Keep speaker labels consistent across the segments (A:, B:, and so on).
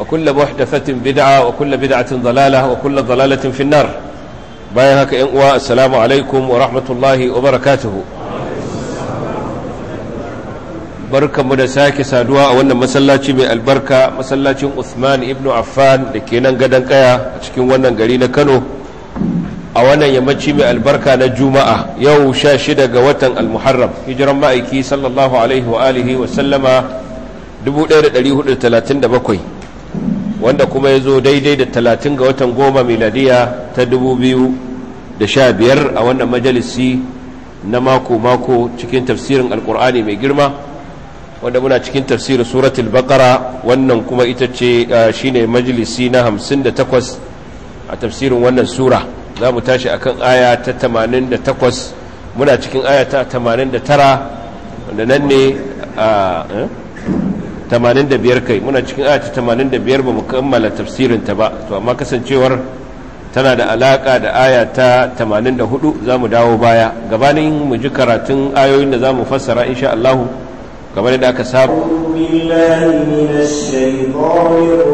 A: وكل محدثة بدعة وكل بدعة ضلالة وكل ضلالة في النار بايهك إنقوى السلام عليكم ورحمة الله وبركاته بركة مدساك سادوا وانا مسلاتي من البركة مسلاتي عثمان ابن عفان لكينا قدن كيا اتكين وانا قلينا كانوا أولا يمتشي من البركة نجومة يو شاشدة قوة المحرم هجرم مائكي صلى الله عليه وآله وسلم 1437 wanda kuma ya zo daidai da talatin ga watan goma miladiya ta dubu biyu da sha biyar a wannan majalisi na mako-mako cikin tafsirin alkur'ani mai girma wanda muna cikin tafsirin suratul bakara wannan kuma ita ce shine majalisi na hamsin da takwas a tafsirin wannan sura za mu tashi akan aya ta tamanin da takwas muna cikin aya ta tamanin da tara wanda nan ne a eh? 85 kai muna cikin ayata 85 ba mu kammala tafsirin ta ba to amma kasancewar tana da alaka da aya ta 84 za mu dawo baya gabanin mu ji karatun ayoyin da za mu fassara insha Allah kamar da aka saba
B: billahi minash shaitanir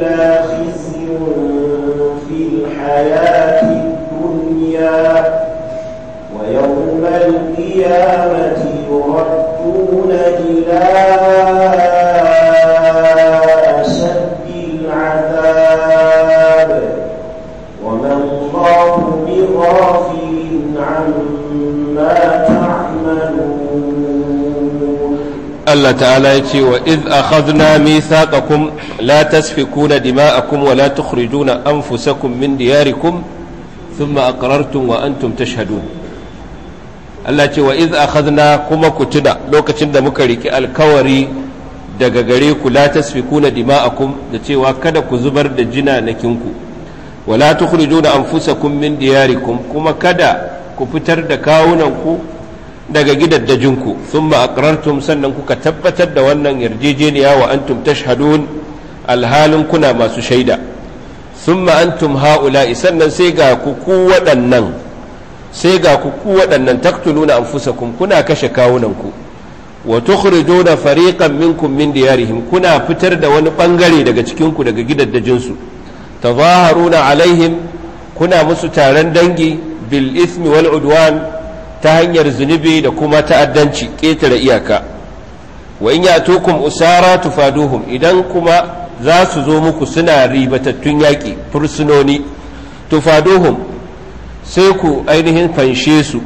B: إلا خزي في الحياة الدنيا ويوم القيامة يردون إلى
A: Allah ta'ala ya ce wa iz akhadna mithaqakum la tasfikuna dima'akum wa la tukhrijuna anfusakum min diyarikum thumma aqrartum wa antum tashhadun Allah ce wa iz akhadna kuma ku tuna lokacin da muka riki alkawari daga gare ku la tasfikuna dima'akum da cewa kada ku zubar da jinanakin jinanakinku wa la tukhrijuna anfusakum min diyarikum kuma kada ku fitar da kawunan ku. daga gidaddajinku sun aqrartum sannan kuka tabbatar da wannan yarjejeniya wa antum tashhadun alhalin kuna masu shaida sun antum haula'i sannan sai ga ku waɗannan sai ga ku waɗannan anfusakum kuna kashe kawunanku wa da fariƙan minkum min diyarihim kuna fitar da wani bangare daga cikinku daga gidaddajinsu tazaharuna alaihim kuna musu taron dangi bil ismi wal udwan ta hanyar zunubi da kuma ta'addanci ƙetare iyaka wa in yatukum usara tufaduhum idan kuma za su zo muku suna ribatattun yaƙi fursunoni tufaduhum sai ku ainihin fanshe su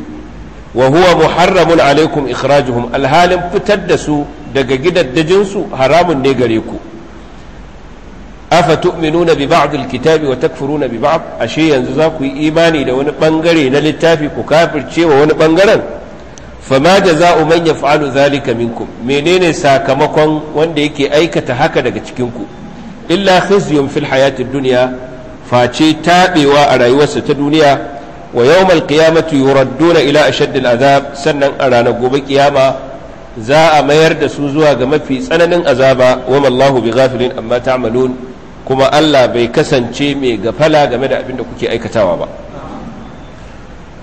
A: wa huwa muharramun alaikum ikhrajuhum alhalin fitar da su daga gidaddajinsu haramun ne gare ku afatu'minuna bi ba'd kitabi wa takfuruna bi ba'd ashe yanzu za ku yi imani da wani bangare na littafi ku kafirce wa wani bangaren fama jaza'u man yaf'alu zalika minkum menene sakamakon wanda yake aikata haka daga cikin ku illa khizyun fil hayatid dunya face tabewa a rayuwarsa ta duniya wa yawmal qiyamati yuradduna ila ashaddil azab sannan a ranar gobe kiyama za a mayar da su zuwa ga mafi tsananin azaba wa mallahu bighafilin amma ta'malun kuma Allah bai kasance mai gafala game da abin da kuke aikatawa ba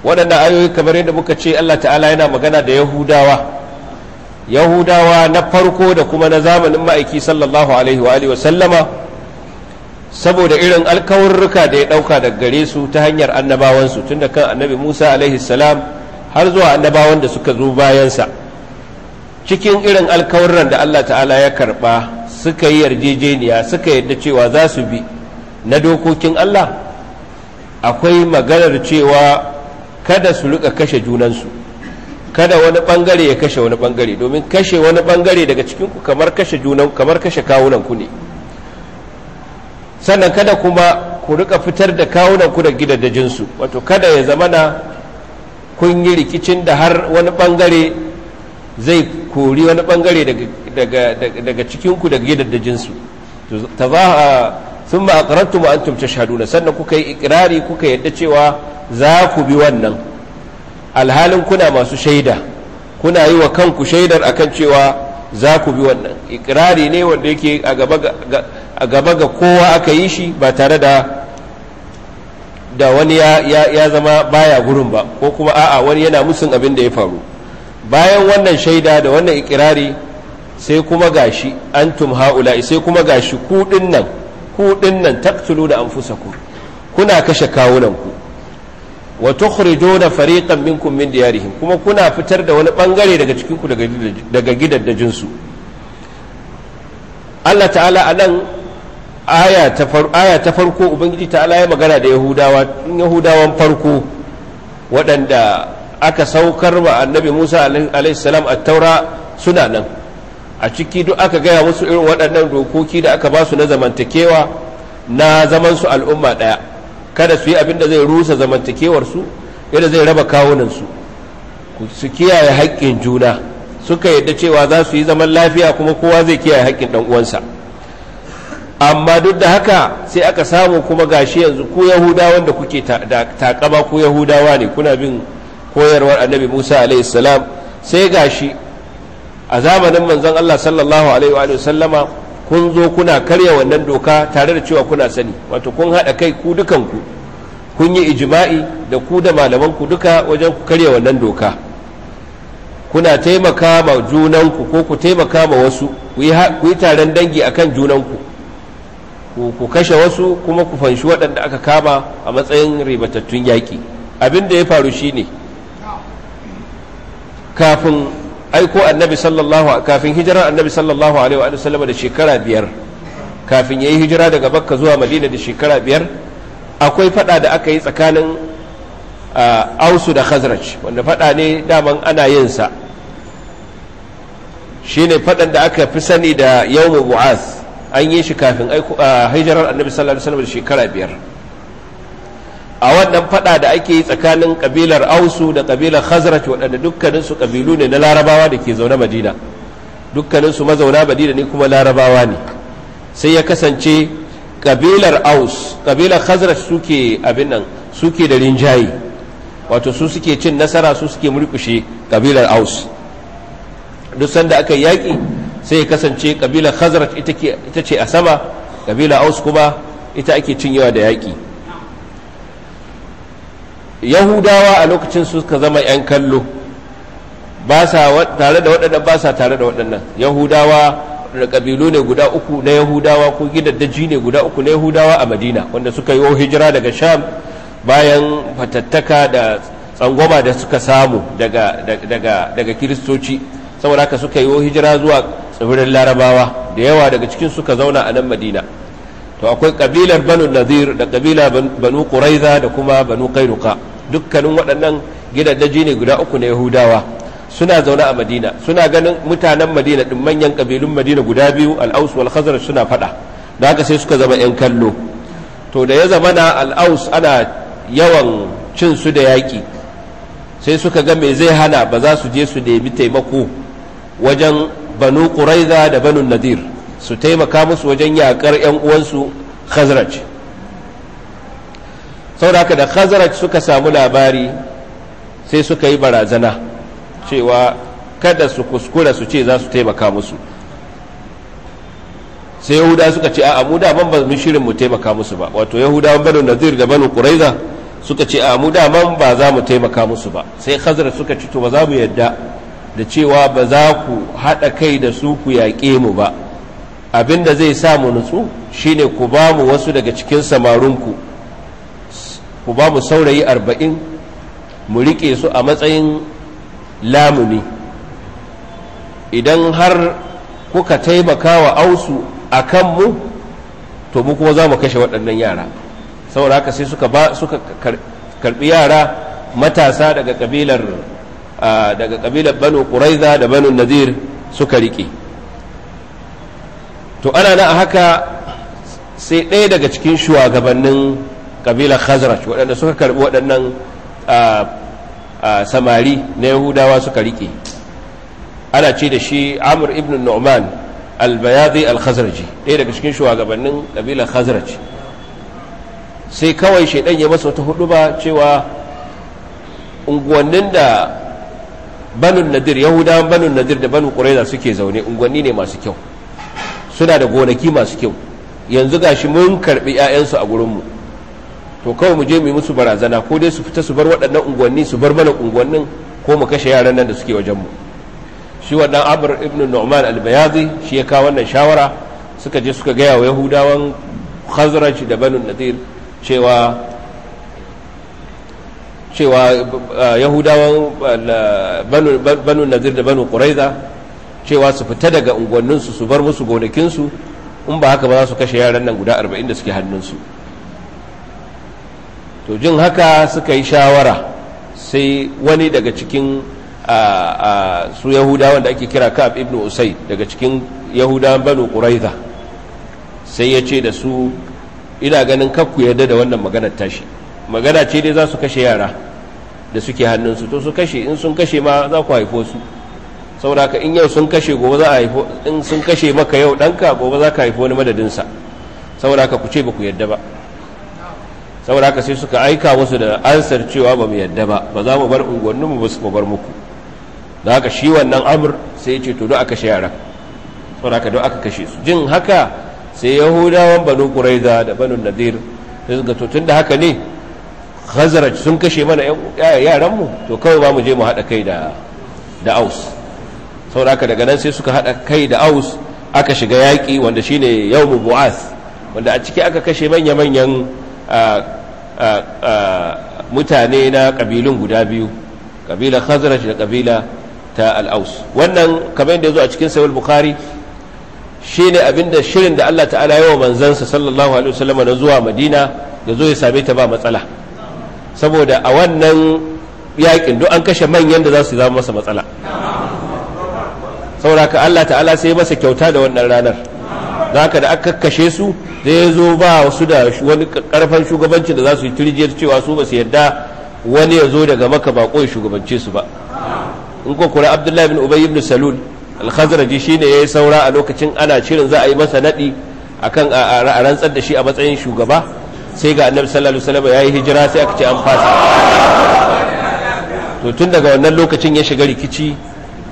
A: waɗannan ayoyi kamar yadda muka ce Allah ta'ala yana magana da yahudawa yahudawa na farko da kuma na zamanin ma'aiki sallallahu alaihi wa sallama saboda irin alkawarruka da ya ɗauka daga gare su ta hanyar annabawansu tun da kan annabi musa alaihi salam har zuwa annabawan da suka zo bayansa cikin irin alkawarran da Allah ta'ala ya karɓa suka yi yarjejeniya suka yarda cewa za su bi na dokokin Allah akwai maganar cewa kada su rika kashe junansu kada wani bangare ya kashe wani bangare domin kashe wani bangare daga cikinku kamar kashe junan kamar kashe kawunanku ne sannan kada kuma ku rika fitar da kawunanku da gidajensu wato kada ya zamana kun yi rikicin da har wani bangare zai kori wani bangare daga cikinku daga jinsu ta za a sun a akarantu ma antum shaduna sannan kuka yi ikirari kuka yadda cewa za ku bi wannan alhalin kuna masu shaida kuna yi wa kanku shaidar akan cewa za ku bi wannan ikirari ne wanda yake a gaba ga kowa aka yi shi ba tare da da wani ya zama baya gurin ba ko kuma a'a wani yana musun abin da ya faru bayan wannan shaida da wannan ikirari sai kuma gashi antum haula sai kuma gashi ku dinnan ku dinnan da anfusaku kuna kashe kawunanku wa tukhrijuna fariqan minkum min diyarihim kuma kuna fitar da wani bangare daga cikin ku daga gidaddajin su Allah ta'ala anan aya ta aya ta farko ubangiji ta'ala ya magana da yahudawa yahudawan farko waɗanda aka saukar wa annabi musa alaihissalam a taura suna nan a ciki duk aka gaya musu irin waɗannan dokoki da aka ba su na zamantakewa na zaman su al'umma ɗaya kada su yi abin da zai rusa zamantakewar su yadda zai raba kawunan su su kiyaye haƙƙin juna suka yadda cewa za su yi zaman lafiya kuma kowa zai kiyaye haƙƙin ɗan uwansa amma duk da haka sai aka samu kuma gashi yanzu ku yahudawan da kuke takama ku yahudawa ne kuna bin koyarwar annabi musa alaihi salam sai gashi a zamanin manzon allah sallallahu alaihi wa sallama kun zo kuna karya wannan doka tare da cewa kuna sani wato kun haɗa kai ku dukanku kun yi ijima'i da ku da malamanku duka wajen ku karya wannan doka kuna taimaka ma junanku ko ku taimaka ma wasu ku yi taron dangi akan junanku ku kashe wasu kuma ku fanshi waɗanda aka kama a matsayin ribatattun yaƙi abin da ya faru shine kafin aiko annabi sallallahu kafin hijirar annabi sallallahu alaihi wa sallam da shekara biyar kafin ya yi hijira daga bakka zuwa madina da shekara biyar akwai fada da aka yi tsakanin ausu da khazraj wanda fada ne daman ana yin sa shine fadan da aka fi sani da yawmul buas an yi shi kafin hijirar annabi sallallahu alaihi wa da shekara biyar a wannan fada da ake yi tsakanin kabilar ausu da kabilar khazraj waɗanda dukkaninsu kabilu ne na larabawa da ke zaune madina dukkaninsu mazauna madina ne kuma larabawa ne sai ya kasance kabilar aus kabilar khazraj suke abin nan suke da rinjaye wato su suke cin nasara su suke murkushe kabilar aus duk sanda aka yaƙi sai ya kasance kabilar khazraj ita ce a sama kabilar aus kuma ita ake cin yawa da yaki. yahudawa a lokacin suka zama 'yan kallo ba sa tare da waɗannan ba sa tare da waɗannan yahudawa da ƙabilu ne guda uku na yahudawa ko gidaddaji ne guda uku na yahudawa a madina wanda suka yi hijira daga sham bayan fatattaka da tsangwama da suka samu daga kiristoci saboda haka suka yi hijira zuwa tsibirin larabawa da yawa daga cikin suka zauna a nan madina to akwai kabilar banu nazir da kabila banu quraiza da kuma banu qainuqa dukkanin waɗannan gidajen ne guda uku na yahudawa suna zaune a madina suna ganin mutanen madina din manyan kabilun madina guda biyu al-aus wal khazraj suna fada da haka sai suka zama yan kallo to da ya zama na al-aus ana yawan cin su da yaki sai suka ga me zai hana ba za su je su nemi taimako wajen banu quraiza da banu nadir su taimaka musu wajen yaƙar 'yan uwansu khazraj sauraka da khazraj suka samu labari sai suka yi barazana cewa kada su kuskura su ce za su taimaka musu sai yahuda suka ce a mu daman ba mu shirin mu taimaka musu ba wato yahudawan banu nazir da banu quraiza suka ce a mu daman ba za mu taimaka musu ba sai khazraj suka ce to ba za mu yadda da cewa ba za ku haɗa kai da su ku yaƙe mu ba abinda zai samu nutsu shine ku ba mu wasu daga cikin samarunku ku ba mu saurayi arba'in mu riƙe su a matsayin lamuni idan har kuka taimaka wa ausu a kanmu to mu kuma za mu kashe waɗannan yara saboda haka sai suka karɓi yara matasa daga ƙabilar daga ƙabilar banu ƙuraiza da banu nazir suka riƙe to ana na a haka sai ɗaya daga cikin shugabannin kabilar khazraj waɗanda suka karɓi waɗannan samari na yahudawa suka riƙe ana ce da shi amur ibn nu'man albayadi al-khazraji ɗaya daga cikin shugabannin kabilar khazraj sai kawai shaidan ya masa wata hudu ba cewa unguwannin da banun nadir yahudawan banun nadir da banun ƙuraiza suke zaune unguwanni ne masu kyau suna da gonaki masu kyau yanzu gashi mun karbi 'ya'yansu a gurin mu to kawai mu je mu yi musu barazana ko dai su fita su bar waɗannan unguwanni su bar mana unguwannin ko mu kashe yaran nan da suke wajenmu shi wannan abur ibn nu'man al-bayazi shi ya kawo wannan shawara suka je suka gaya wa yahudawan khazraj da banu nadir cewa cewa eh, yahudawan eh, banu nadir da banu quraiza cewa su fita daga unguwanninsu su bar musu gonakinsu in ba haka ba za su kashe yaran nan guda arba'in da suke hannunsu to jin haka suka yi shawara sai wani daga cikin su yahudawan da ake kira ka'ab ibn usai daga cikin yahudawan banu quraiza sai ya ce da su ina ganin kakku yarda da wannan maganar tashi magana ce dai za su kashe yara da suke hannunsu to su kashe in sun kashe ma za ku haifo su saboda ka in yau sun kashe gobe za a haifo in sun kashe maka yau ɗanka gobe za ka haifo wani madadinsa saboda ka ku ce ba ku yadda ba saboda ka sai suka aika wasu da ansar cewa ba mu yadda ba ba za mu bar unguwanninmu ba su bar muku da haka shi wannan amur sai ce to don aka kashe yaran saboda ka don aka kashe su jin haka sai yahudawan banu quraiza da banu nadir sai suka to tunda haka ne khazraj sun kashe mana yaran mu to kawai ba mu je mu hada kai da da aus aka daga nan sai suka haɗa kai da aus aka shiga yaƙi wanda shine mu buas wanda a ciki aka kashe manya-manyan mutane na ƙabilun guda biyu ƙabila khazraj da ƙabila ta al'aus wannan kamar yadda ya zo a cikin sayar bukhari shi ne abinda shirin da allah ta'ala ya yawa manzansa sallallahu alaihi wasallam na zuwa madina da zo ya same ta ba matsala saboda a wannan yakin duk an kashe manyan da za su zama masa matsala sauraka Allah ta'ala sai masa kyauta da wannan ranar za ka da aka kashe su zai zo ba wasu da wani karfan shugabanci da za su yi turjiyar cewa su ba su yarda wani ya zo daga maka ba ya shugabance su ba in ko kura abdullahi bin ubay ibn salul al-khazraji ya yi saura a lokacin ana shirin za a yi masa nadi kan a rantsar da shi a matsayin shugaba sai ga annabi sallallahu alaihi wasallam yayi hijira sai aka ce an fasa to tun daga wannan lokacin ya shiga rikici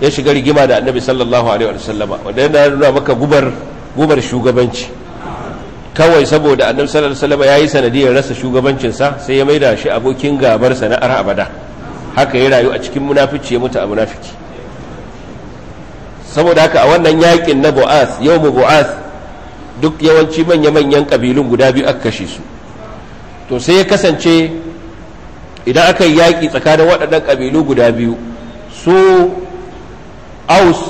A: ya shiga rigima da annabi sallallahu alaihi wasallama wanda yana nuna maka gubar gubar shugabanci kawai saboda annabi sallallahu alaihi wasallama yayi sanadiyar rasa shugabancin sa sai ya maida shi abokin gabar sana'ar abada haka ya rayu a cikin munafici ya mutu a munafiki saboda haka a wannan yakin na yau yawmu bu'as duk yawanci manya-manyan kabilun guda biyu aka kashe su to sai ya kasance idan aka yi yaki tsakanin waɗannan kabilu guda biyu su aus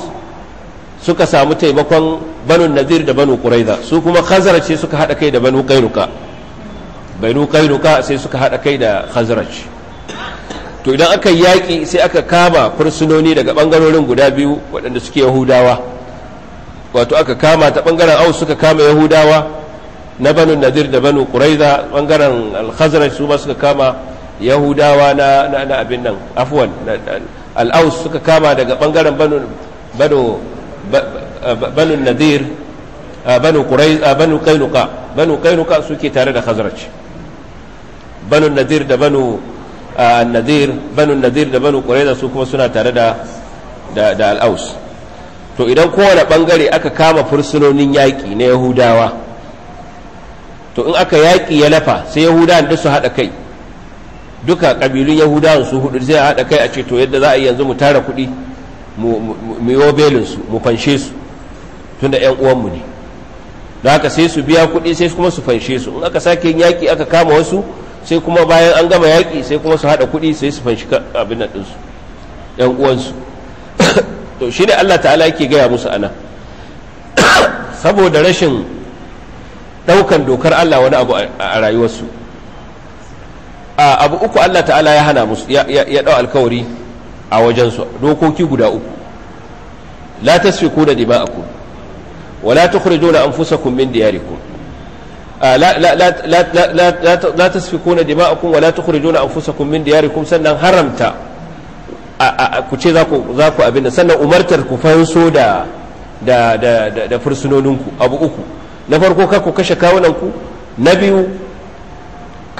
A: suka samu taimakon banu nazir da banu kuraiza su kuma khazraj suka hada kai da banu qainuka banu qainuka sai suka hada kai da khazraj to idan aka yaki sai aka kama fursunoni daga bangarorin guda biyu waɗanda suke yahudawa wato aka kama ta bangaren aus suka kama yahudawa na banu nazir da banu kuraiza bangaren al-khazraj su ba suka kama yahudawa na na abin nan afwan al'aus suka kama daga bangaren banu nadir banu kainuka banu kainuka suke tare da khazraj banu nadir da banu nadir banu nadir da banu kuraiza su kuma suna tare da da al'aus to idan kowane bangare aka kama fursunonin yaƙi na yahudawa to in aka yaƙi ya lafa sai yahudawan da su haɗa kai duka ƙabilun yahudawan su hudu zai haɗa kai a ceto yadda za a yi yanzu mu tara kuɗi mu yi belinsu mu fanshe su tunda yan uwanmu ne da haka sai su biya kuɗi sai kuma su fanshe su in aka sake yin yaƙi aka kama wasu sai kuma bayan an gama yaƙi sai kuma su haɗa kuɗi sai su fanshi abin nan ɗinsu yan uwansu to shi ne allah ta'ala yake gaya musu ana saboda rashin ɗaukan dokar allah wani abu a rayuwarsu abu uku Allah ta'ala ya hana musu ya dau alkawari a wajensu dokoki guda uku la tasfiku da dima'akum wa la tukhrijuna anfusakum min diyarikum la la la la la tasfikuna dima'akum wa la tukhrijuna anfusakum min diyarikum sannan haramta ku ce za ku za abin da sannan umartar ku fanso da da da fursunoninku abu uku na farko ka ku kashe kawunanku na biyu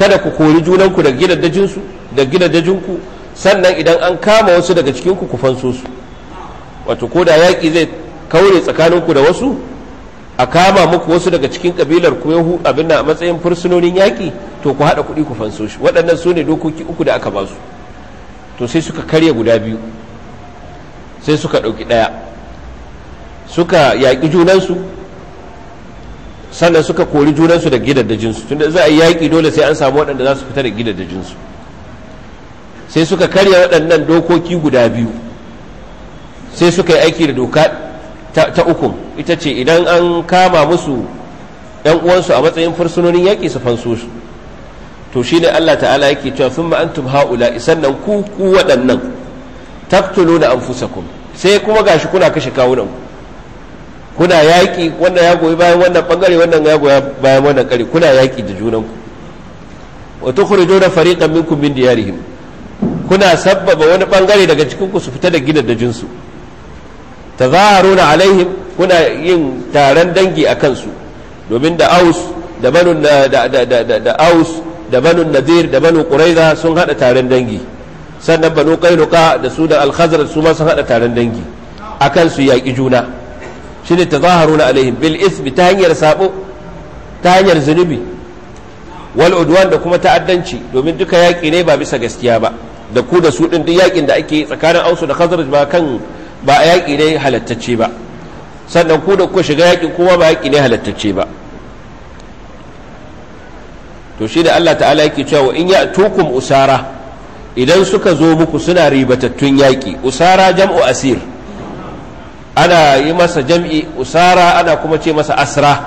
A: kada ku kori junanku daga dajinsu da dajinku sannan idan an kama wasu daga cikinku ku fanso su wato ko da yaƙi zai kaure tsakaninku da wasu a kama muku wasu daga cikin kabilar ku yahu abin na a matsayin fursunonin yaƙi to ku haɗa kuɗi ku fanso shi waɗannan su ne dokoki uku da aka ba su to sai suka karya guda biyu sai suka ɗauki ɗaya suka yaƙi junansu sannan suka kori junansu da gidaddajinsu tunda za a yi yaƙi dole sai an samu waɗanda za su fita da gidaddajinsu sai suka karya waɗannan dokoki guda biyu sai suka yi aiki da doka ta uku ita ce idan an kama musu ‘yan uwansu a matsayin fursunonin yaƙi su fanso su to shi ne Allah ta'ala yake cewa sun ma'antum ha'ula sannan ku ku waɗannan taftulo da anfusakum sai kuma gashi kuna kashe kawunanku kuna yaƙi wannan ya goyi bayan wannan bangare wannan ya goyi bayan wannan kare kuna yaƙi da junanku wa tukhrijuna fariqan minkum min diyarihim kuna sabbaba wani bangare daga cikin ku su fita da gidajen su tazaharuna alaihim kuna yin taron dangi a kansu domin da aus da banu da da aus da banu nadir da banu quraiza sun hada taron dangi sannan banu qainuqa da su da alhazar su ma sun hada taron dangi akan su yaki juna shine tazaharuna alaihim bil ismi ta hanyar sabo ta hanyar zunubi wal udwan da kuma ta'addanci domin duka yaƙi ne ba bisa gaskiya ba da ku da su din duk yaƙin da ake tsakanin ausu da khazraj ba kan ba yaƙi ne halattacce ba sannan ku da ku shiga yaƙin kuma ba yaƙi ne halattacce ba to shi da Allah ta'ala yake cewa in ya usara idan suka zo muku suna ribatattun yaƙi usara jam'u asir ana yi masa jam'i usara ana kuma ce masa asra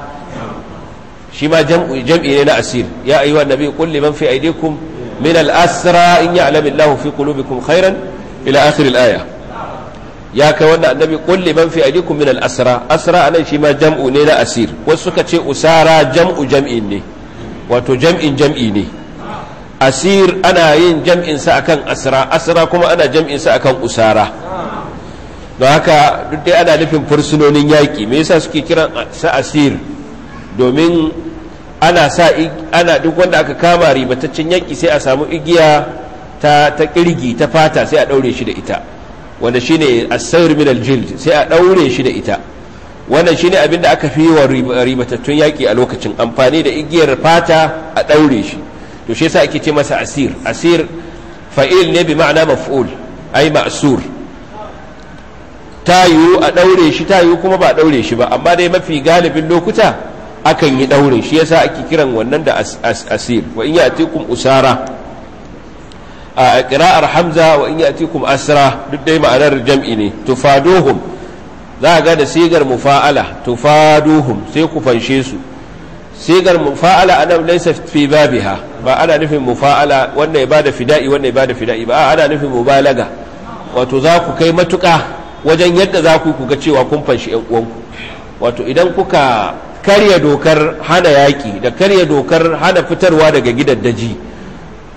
A: shi ma jam'i ne na asir ya ayyuha nabi qul man fi aydikum min al-asra in ya'lam Allahu fi qulubikum khairan ila akhir al ya kai wannan annabi qul man fi aydikum min al-asra a nan shi ma jam'u ne na asir wasu suka ce usara jam'u jam'i ne wato jam'in jam'i ne asir ana yin jam'in sa akan asra asra kuma ana jam'in sa akan usara don haka duk dai ana nufin fursunonin yaƙi me yasa suke kiran sa asir domin ana sa ana duk wanda aka kama ribataccen yaƙi sai a samu igiya ta ta ta fata sai a daure shi da ita wanda shine asair min jild sai a daure shi da ita wannan shine abin da aka fi wa ribatattun yaƙi a lokacin amfani da igiyar fata a daure shi to shi yasa ake ce masa asir asir fa'il ne bi ma'ana maf'ul ai ma'sur ta yiwu a ɗaure shi ta yiwu kuma ba a ɗaure shi ba amma dai mafi galibin lokuta akan yi ɗaure shi yasa ake kiran wannan da asir wa in kum usara a qira'ar hamza wa in kum asira duk dai ma'anar jam'i ne tufaduhum za ga da sigar mufa'ala tufaduhum sai ku fanshe su sigar mufa'ala anan laysa fi babiha ba ana nufin mufa'ala wannan ya bada fida'i wannan ya bada fida'i ba ana nufin mubalaga wato za ku kai matuƙa wajen yadda za ku ku ga cewa kun fanshi yan uwanku wato idan kuka karya dokar hana yaƙi da karya dokar hana fitarwa daga gidan daji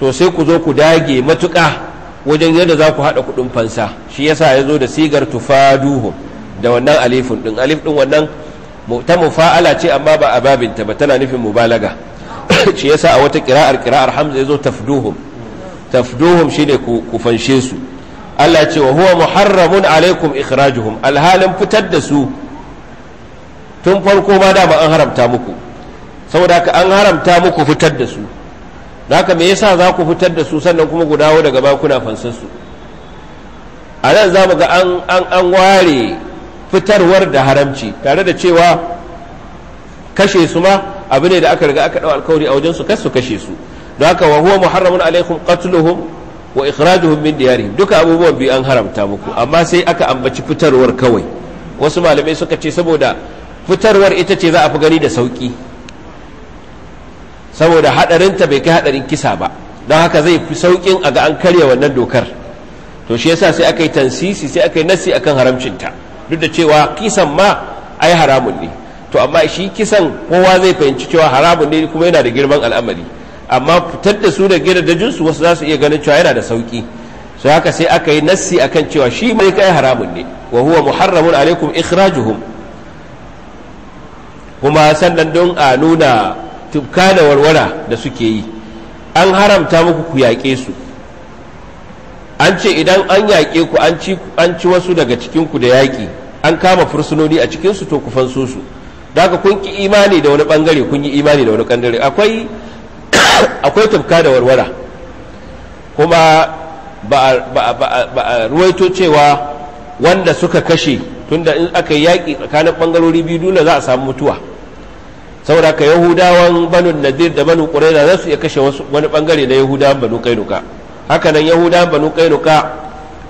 A: to sai ku zo ku dage matuƙa wajen yadda za ku haɗa kuɗin fansa shi yasa ya zo da sigar tufaduhu da wannan alifin ɗin alif ɗin wannan ta mufa'ala ce amma ba a babinta ba tana nufin mubalaga shi yasa a wata ƙiraar ƙiraar hamza ya zo tafduhum tafduhum shine ku fanshe su Allah ce wa huwa muharramun alaikum ikhrajuhum alhalin fitar da su tun farko ma dama an haramta muku saboda ka an haramta muku fitar da su haka me yasa za ku fitar da su sannan kuma ku dawo daga bakuna kuna fansar su a nan za mu ga an an ware fitarwar da haramci tare da cewa kashe su ma abu ne da aka riga aka dau alkawari a wajen su kar su kashe su don haka wa huwa muharramun alaikum qatluhum wa ikhrajuhum min diyarihim duka abubuwan biyu an haramta muku amma sai aka ambaci fitarwar kawai wasu malamai suka ce saboda fitarwar ita ce za a fi gani da sauki saboda ta bai kai hadarin kisa ba don haka zai fi saukin a ga an karya wannan dokar to shi yasa sai aka yi tansisi sai aka yi nasi akan haramcin ta duk da cewa kisan ma ai haramun ne to amma shi kisan kowa zai fahimci cewa haramun ne kuma yana da girman al'amari amma fitar da su da da jinsu wasu za su iya ganin cewa yana da sauki su haka sai aka yi nassi akan cewa shi mai kai haramun ne wa huwa muharramun alaikum ikhrajuhum kuma sannan don a nuna tubka da warwara da suke yi an haramta muku ku yaƙe su an ce idan an yaƙe ku an ci wasu daga cikinku da yaƙi an kama fursunoni a cikinsu to ku fanso su daga kun ki imani da wani bangare kun yi imani da wani bangare akwai akwai tafka da warwara kuma ba a ruwaito cewa wanda suka kashe tunda in aka yi yaƙi tsakanin ɓangarori biyu dole za a samu mutuwa saboda ka yahudawan banu nadir da banu ƙuraina za su iya kashe wani ɓangare na yahudawan banu kainuka hakanan yahudawan banu kainuka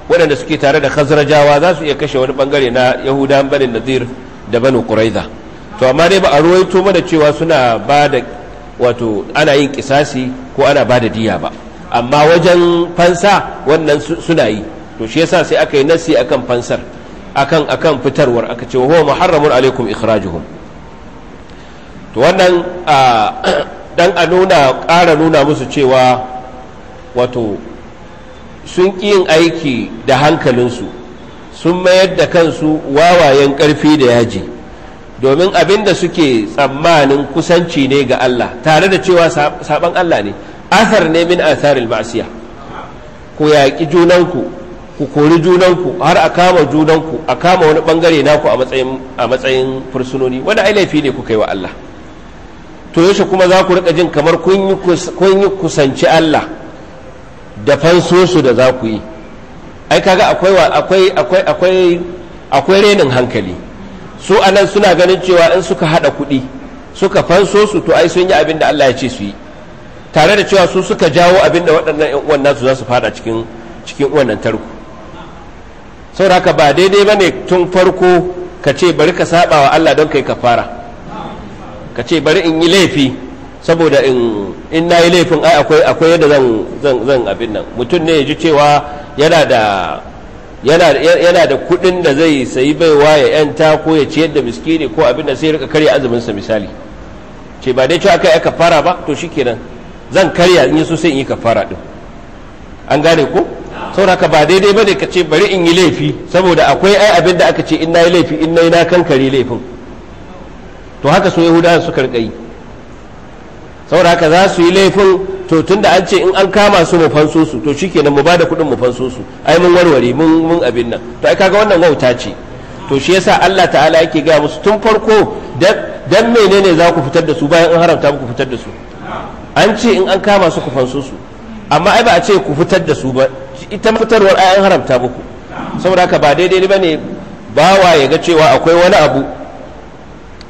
A: waɗanda suke tare da khazrajawa za su iya kashe wani ɓangare na yahudawan banu nadir da banu ƙuraiza to amma dai ba a ruwaito mana cewa suna ba da wato ana yin kisasi ko ana ba da diya ba amma wajen fansa wannan suna yi to shi yasa sai aka yi nasi akan fansar akan akan fitarwar aka ce huwa muharramun alaikum ikhrajuhum to wannan dan a nuna ƙara nuna musu cewa wato sun ƙi yin aiki da hankalinsu sun mayar da kansu wawayen ƙarfi da yaji domin abin da suke tsammanin kusanci ne ga Allah tare da cewa sabon Allah ne asar ne min asaril ma'siya ku yaƙi junanku ku kori junanku har a kama junanku a kama wani bangare naku a matsayin a matsayin fursunoni wanda ai laifi ne ku kai wa Allah to yaushe kuma za ku rika jin kamar kun yi kusanci Allah da fansosu da za ku yi ai kaga akwai akwai akwai akwai akwai renin hankali su anan suna ganin cewa in suka hada kuɗi suka fanso su to ai sun yi abin da Allah ya ce su yi tare da cewa su suka jawo abin da waɗannan ƴan uwan nasu za su fada cikin cikin wannan tarko sauraka ba daidai ba ne tun farko ka ce bari ka saba wa Allah don kai kafara ka ce bari in yi laifi saboda in in yi laifin ai akwai yadda zan abin nan mutum ne ya ji cewa yana da yana da kuɗin da zai sayi baiwa ya yanta ko ya ciyar da miskini ko abin da sai rika karya azuminsa misali ce ba dai cewa aka yi ba to shikenan zan karya in yi so sai in yi kafara din an gane ko sauraka ba daidai bane ka ce bari in yi laifi saboda akwai ai abin da aka ce in nayi laifi in nayi na kankare laifin to haka su yahudawa suka rika yi saboda haka za su yi laifin to tunda an ce in an kama su mu fanso su to kenan mu bada kuɗin mu fanso su ai mun warware mun mun abin nan to ai kaga wannan wauta ce to shi yasa Allah ta'ala yake ga musu tun farko dan menene za ku fitar da su bayan an haramta muku fitar da su an ce in an kama su ku fanso su amma ai ba a ce ku fitar da su ba ita fitarwar ai an haramta muku saboda haka ba daidai bane bawa ya ga cewa akwai wani abu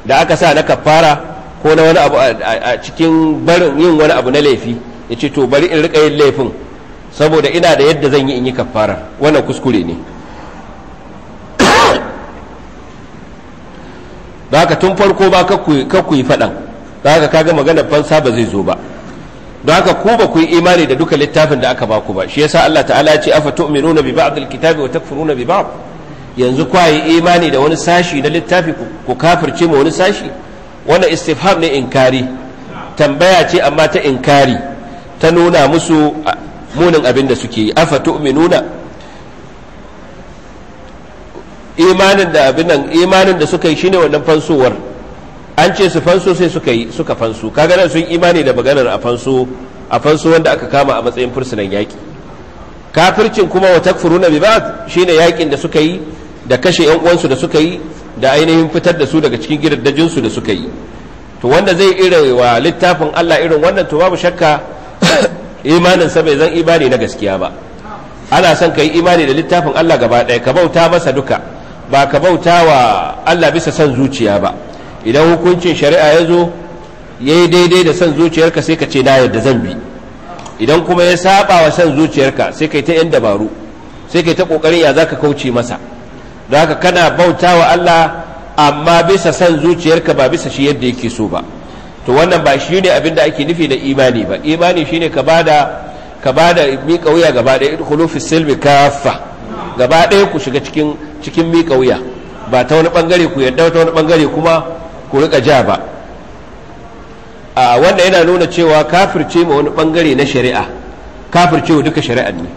A: da aka sa na kafara ko na wani abu a cikin barin yin wani abu na laifi ya ce to bari in rika yin laifin saboda ina da yadda zan yi in yi kafara wannan kuskure ne da haka tun farko ba ka ku yi faɗan da haka kaga maganar fansa ba zai zo ba da haka ku ba ku yi imani da duka littafin da aka ba ku ba shi yasa Allah ta'ala ya ce afa tu'minuna bi ba'd al-kitabi wa takfuruna bi ba'd yanzu ku yi imani da wani sashi na littafi ku kafirce mu wani sashi wannan istifham ne inkari tambaya ce amma ta inkari ta nuna musu munin abin da suke yi afa tu'minuna imanin da abin nan imanin da suka yi shine wannan fansowar an ce su fanso sai suka yi suka fanso kaga nan sun imani da maganar a fanso a fanso wanda aka kama a matsayin fursunan yaki kafircin kuma wa takfuruna bi ba'd shine yakin da suka yi da kashe yan uwansu da suka yi da ainihin fitar da su daga cikin gidaddajin su da suka yi to wanda zai wa littafin Allah irin wannan to babu shakka imanin sa bai zan imani na gaskiya ba ana son ka yi imani da littafin Allah gaba ɗaya ka bauta masa duka ba ka bauta wa Allah bisa son zuciya ba idan hukuncin shari'a ya zo ya yi daidai da son zuciyarka sai ka ce na yadda zan bi idan kuma ya saba wa son zuciyarka sai ka yi ta yan dabaru sai ka yi ta kokarin ya za ka kauce masa don haka kana bauta wa Allah amma bisa son zuciyarka ba bisa shi yadda yake so ba to wannan ba shi ne abin da ake nufi da imani ba imani shi ne ka ba ka miƙa wuya gaba ɗaya idkhulu fi silmi kafa gaba ɗaya ku shiga cikin cikin miƙa wuya ba ta wani ɓangare ku yadda ta wani ɓangare kuma ku riƙa ja ba a wannan yana nuna cewa kafirce ma wani ɓangare na shari'a kafirce wa duka shari'a ne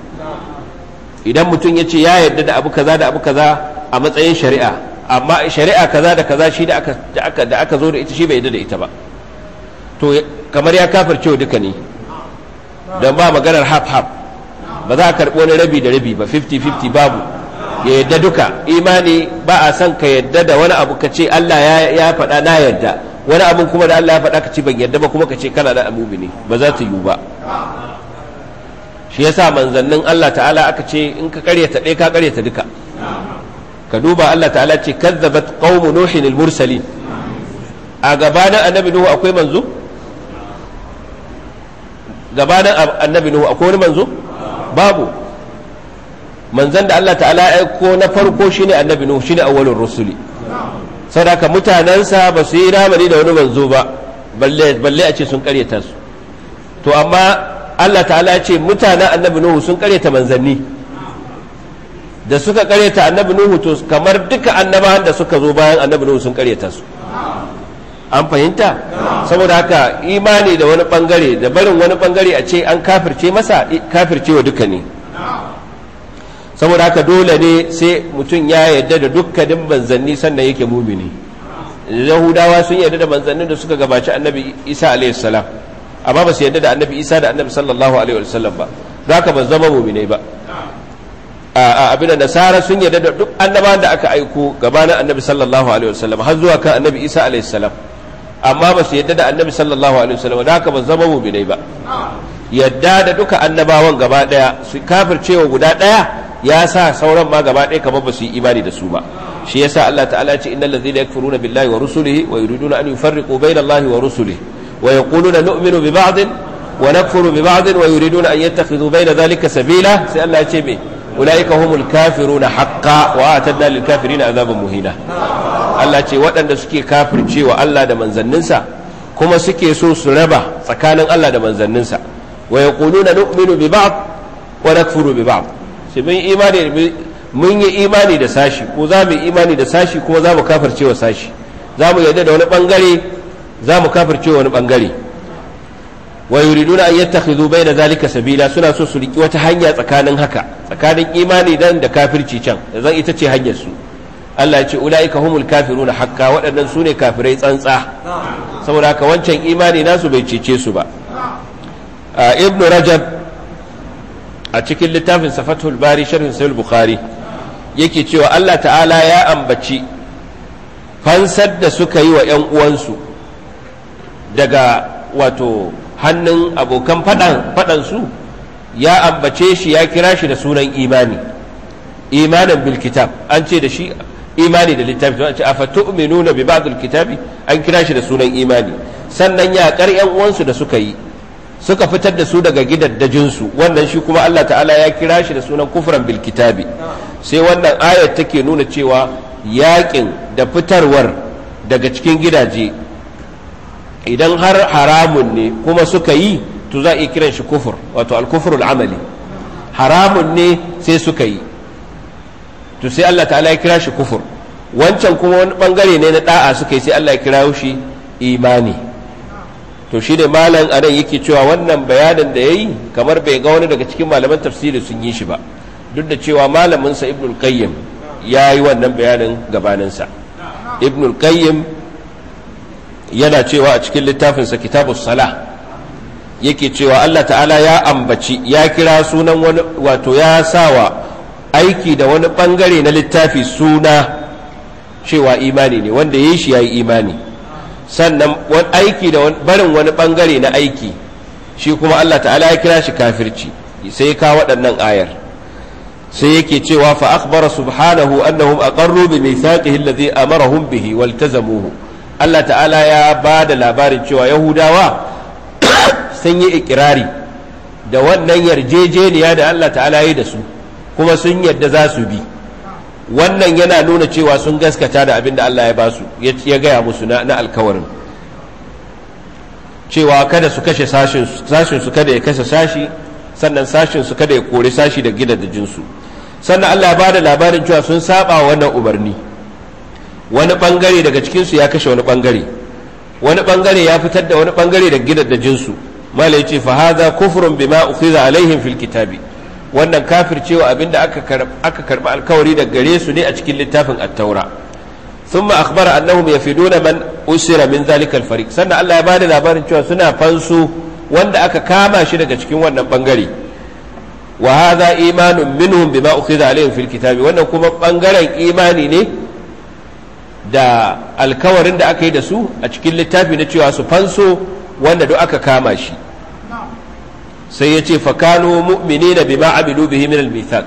A: idan mutum ya ce ya yarda da abu kaza da abu kaza a matsayin shari'a amma shari'a kaza da kaza shi da aka da aka zo da ita shi bai yarda da ita ba to kamar ya cewa duka ne don ba maganar haf-haf ba za a karɓi wani rabi da rabi ba 50-50 babu ya yadda duka imani ba a son ka yadda da wani abu ka ce Allah ya faɗa na yadda wani abin kuma da Allah ya faɗa ka ce ban yadda ba kuma ka ce kana da abubu ne ba za ta yiwu ba shi yasa manzannin Allah ta'ala aka ce in ka karyata ɗaya ka karyata duka ka duba Allah ta'ala ce kazzabat qaumu nuhin al-mursalin a gabanin annabi nuhu akwai manzo gabanin annabi nuhu akwai wani manzo babu manzan da Allah ta'ala ya aiko na farko shine annabi nuhu shine awwalur rusuli sadaka mutanansa ba su yi ramani da wani manzo ba balle balle a ce sun karyata su to amma Allah ta'ala ce mutanen annabi Nuhu sun karyata manzanni da suka karyata annabi Nuhu to kamar duka annabawan da suka zo bayan annabi Nuhu sun karyata su an fahimta saboda haka imani da wani bangare da barin wani bangare a ce an kafirce masa kafirce wa duka ne saboda haka dole ne sai mutum ya yarda da dukkanin manzanni sannan yake mumini yahudawa sun yarda da manzannin da suka gabaci annabi isa salam amma ba su yarda da annabi isa da annabi sallallahu alaihi wasallam ba za ka ban zama mumini ba a abin da nasara sun yarda da duk annabawan da aka aiko gabanin annabi sallallahu alaihi wasallam har zuwa kan annabi isa salam amma ba su yadda da annabi sallallahu alaihi wasallam da haka ba zama mu'minai ba yadda da duka annabawan gaba daya su kafircewa guda daya ya sa sauran ma gaba daya kamar ba su yi imani da su ba shi yasa Allah ta'ala ce innal ladzina yakfuruna billahi wa rusulihi wa yuriduna an yufarriqu baina Allahi wa rusulihi wa yaquluna nu'minu bi ba'din wa nakfuru bi ba'din wa yuriduna an yattakhidhu baina dhalika sabila sai Allah ya ce me ulaika humul kafiruna haqqa wa atadna lil kafirina azaban muhina Allah ce waɗanda suke kafircewa Allah da manzanninsa kuma suke so su raba tsakanin Allah da manzanninsa wa yaquluna nu'minu bi ba'd wa nakfuru bi ba'd sai mun imani mun yi imani da sashi ko za mu imani da sashi kuma za mu kafircewa sashi za mu yarda da wani bangare za mu kafircewa wani bangare wa yuriduna an yattakhidhu bayna zalika sabila suna so su riki wata hanya tsakanin haka tsakanin imani dan da kafirci can zan ita ce hanyar su Allah ya ce ulaika humul kafiruna hakka waɗannan su ne kafirai tsantsa saboda haka wancan imani nasu bai cece su ba ibnu rajab a cikin littafin safatul bari sharhin sahih bukhari yake cewa Allah ta'ala ya ambaci fansar da suka yi wa 'yan uwansu daga wato hannun abokan faɗan su ya ambace shi ya kira shi da sunan imani imanin bil an ce da shi imani da littafi to an ce afatu'minuna bi ba'dil kitabi an kira shi da sunan imani sannan ya kar yan uwansu da suka yi suka fitar da su daga gidaddajin su wannan shi kuma Allah ta'ala ya kira shi da sunan kufran bil kitabi sai wannan ayat take nuna cewa yakin da fitarwar daga cikin gidaje idan har haramun ne kuma suka yi to za a iya kiran shi kufur wato alkufurul amali haramun ne sai suka yi to sai Allah ta'ala ya kira shi kufur wancan kuma wani bangare ne na da'a suka yi sai Allah ya kira shi imani to shi ne malam anan yake cewa wannan bayanin da yayi kamar bai ga wani daga cikin malaman tafsiri sun yi shi ba duk da cewa malaminsa ibnul qayyim ya yi wannan bayanin gabaninsa ibnul qayyim yana cewa a cikin littafinsa kitabu sala yake cewa Allah ta'ala ya ambaci ya kira sunan wani wato ya sawa aiki da wani bangare na littafi suna cewa imani ne wanda ya yi shi ya yi imani sannan aiki da barin wani bangare na aiki shi kuma Allah ta'ala ya kira shi kafirci sai ka waɗannan ayar sai yake cewa fa akhbara subhanahu annahum aqarru bi mithaqihi alladhi amarahum bihi waltazamuhu Allah ta'ala ya ba da labarin cewa yahudawa sun yi ikirari da wannan yarjejeniya da Allah ta'ala ya yi da su kuma sun yadda za su bi wannan yana nuna cewa sun gaskata da abin da Allah ya ba su ya gaya musu na alkawarin cewa kada su kashe sashin su kada ya kashe sashi sannan sashin su kada ya kori sashi da gidajensu sannan Allah ya ba da labarin cewa sun saba wannan umarni wani bangare daga cikinsu ya kashe wani bangare wani bangare ya fitar da wani bangare daga gidaddajinsu mala ya ce fa hadha kufrun bima ukhiza alaihim fil kitabi wannan kafircewa abinda aka aka karbi alkawari daga garesu ne a cikin littafin at-taura thumma akhbara annahum yafiduna man usira min zalika al sannan Allah ya bada labarin cewa suna fansu wanda aka kama shi daga cikin wannan bangare wahaza hadha imanun minhum bima ukhiza alaihim fil wannan kuma ɓangaren imani ne da alkawarin da aka yi da su a cikin littafi na cewa su fanso wanda duk aka kama shi sai ya ce fakano mu'mini na bima abidu bihi min al-mithaq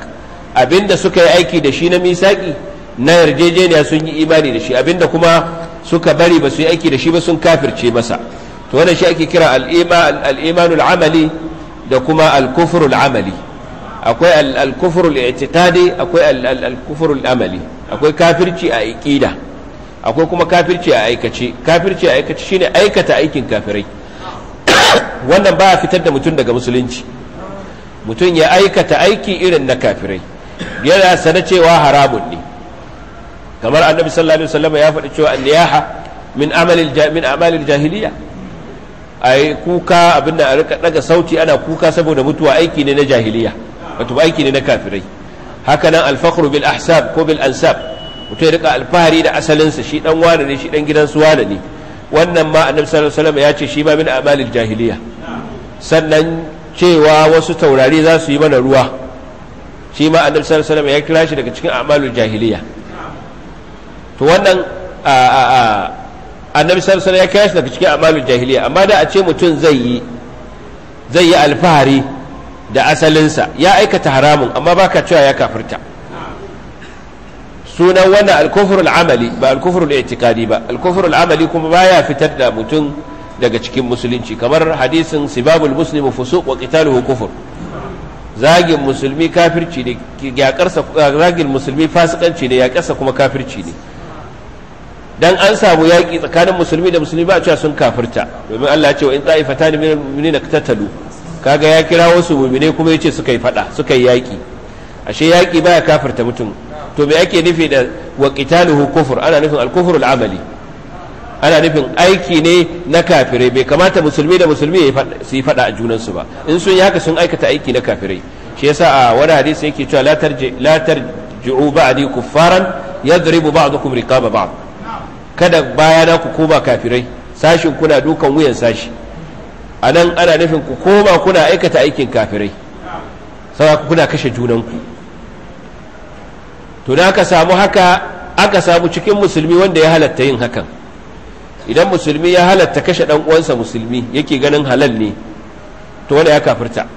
A: abinda suka yi aiki da shi na misaki na yarjejeniya sun yi imani da shi abinda kuma suka bari ba su yi aiki da shi ba sun kafirce masa to wannan shi ake kira al-imanul amali da kuma al-kufrul amali akwai al-kufrul i'tiqadi akwai al-kufrul amali akwai kafirci a iqida akwai kuma kafirci a aikace kafirci a aikace shine aikata aikin kafirai wannan ba a fitar da mutum daga musulunci mutum ya aikata aiki irin na kafirai yana sana cewa haramun ne kamar annabi sallallahu alaihi wasallam ya faɗi cewa niyaha min amalil min amalil jahiliya ai kuka abinda a rika daga sauti ana kuka saboda mutuwa aiki ne na jahiliya wato aiki ne na kafirai haka nan al-fakhru bil ahsab ko bil ansab mutum ya rika alfahari da asalinsa shi dan wane ne shi dan gidan su wane ne wannan ma annabi sallallahu alaihi wasallam ya ce shi ba min amalil jahiliya sannan cewa wasu taurari za su yi mana ruwa shi ma annabi sallallahu alaihi wasallam ya kira shi daga cikin amalul jahiliya to wannan annabi sallallahu alaihi wasallam ya kira shi daga cikin amalul jahiliya amma da a ce mutum zai yi zai yi alfahari da asalinsa ya aikata haramun amma baka cewa ya kafirta sunan wannan alkufrul amali ba alkufrul i'tiqadi ba alkufrul amali kuma baya fitar da mutum daga cikin musulunci kamar hadisin sibabul muslimu fusuq wa qitaluhu kufur zagin musulmi kafirci ne zagin musulmi fasikanci ne yakarsa kuma kafirci ne dan an samu yaki tsakanin musulmi da musulmi ba a cewa sun kafirta domin Allah ya ce wa in ta'ifatani minna qatalu kaga ya kira wasu mu'mine kuma yace suka yi fada suka yi yaƙi ashe yaki baya kafirta mutum to me ake nufi da wa qitaluhu kufur ana nufin al-kufru al-amali ana nufin aiki ne na kafirai bai kamata musulmi da musulmi su yi fada a junansu ba in sun yi haka sun aikata aiki na kafirai shi yasa a wani hadisi yake cewa la tarji la tarji'u ba'di kuffaran yadribu ba'dukum riqaba ba'd kada bayana ku koma kafirai sashin kuna dukan wuyan sashi anan ana nufin ku koma kuna aikata aikin kafirai sai kuna kashe junanku to da aka samu haka aka samu cikin musulmi wanda ya halatta yin hakan idan musulmi ya halatta kashe dan uwansa musulmi yake ganin halal ne to wanda ya kafirta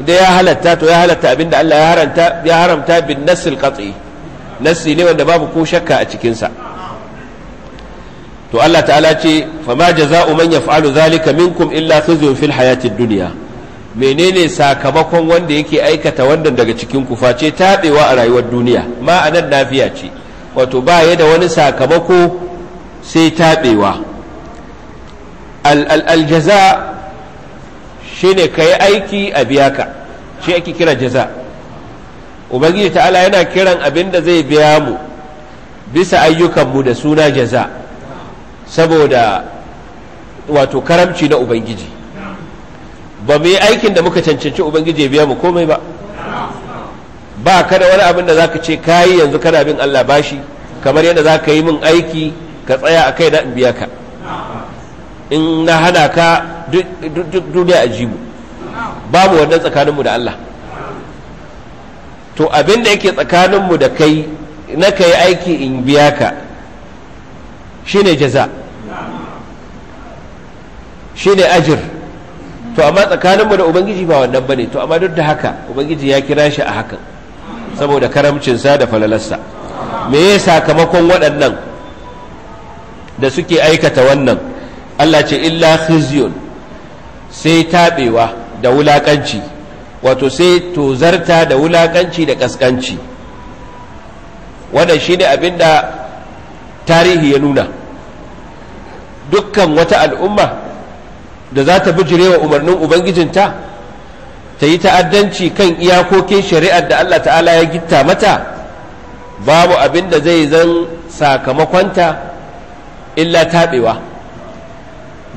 A: idan ya halatta to ya halatta abinda Allah ya haramta ya haramta bin nassil qat'i nassi ne wanda babu ko shakka a cikin sa to Allah ta'ala ce fama jaza'u man yaf'alu zalika minkum illa khizyun fil hayatid dunya menene sakamakon wanda yake aikata wannan daga cikin ku face taɓewa a rayuwar duniya ma'anar a lafiya ce wato ba ya da wani sakamako sai taɓewa aljaza shi ne ka yi aiki a biya ka shi ake kira jaza ubangiji ta'ala yana kiran abin da zai biya mu bisa ayyukanmu da suna jaza saboda wato karamci na ubangiji ba mu yi aikin da muka cancanci ubangiji biya mu komai ba ba ka da wani abin da za ka ce kayi yanzu kana bin Allah bashi kamar yadda zaka yi min aiki ka tsaya a kai na in biya ka in na hana ka duk duniya a jibu mu wannan tsakaninmu da Allah to abin da yake tsakaninmu da kai na kai aiki in biya ka shine jaza shine ajir to amma tsakaninmu da ubangiji ba wannan bane to amma duk da haka ubangiji ya kira shi a hakan saboda karamcin karamcinsa da falalarsa me ya sakamakon waɗannan da suke aikata wannan Allah ce illa khizyun sai taɓewa da wulaƙanci wato sai tozarta da wulakanci da ƙasƙanci wannan shine abin da tarihi ya nuna dukkan wata al'umma da za ta bijirewa umarnin ubangijinta ta yi ta'addanci kan iyakokin shari'ar da Allah ta'ala ya gitta mata babu abin da zai zan sakamakonta illa taɓewa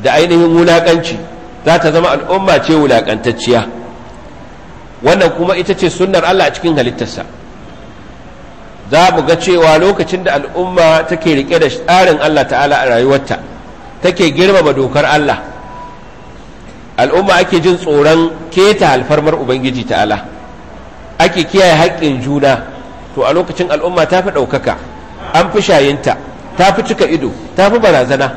A: da ainihin wulaƙanci za ta zama al'umma ce wulaƙantacciya wannan kuma ita ce sunnar Allah a cikin halittarsa za mu ga cewa lokacin da al'umma take riƙe da tsarin Allah ta'ala a rayuwarta take girmama dokar Allah al'umma ake jin tsoron keta alfarmar ubangiji ta'ala ake kiyaye haƙƙin juna to a lokacin al'umma ta fi ɗaukaka an fi shayinta ta fi cika ido ta fi barazana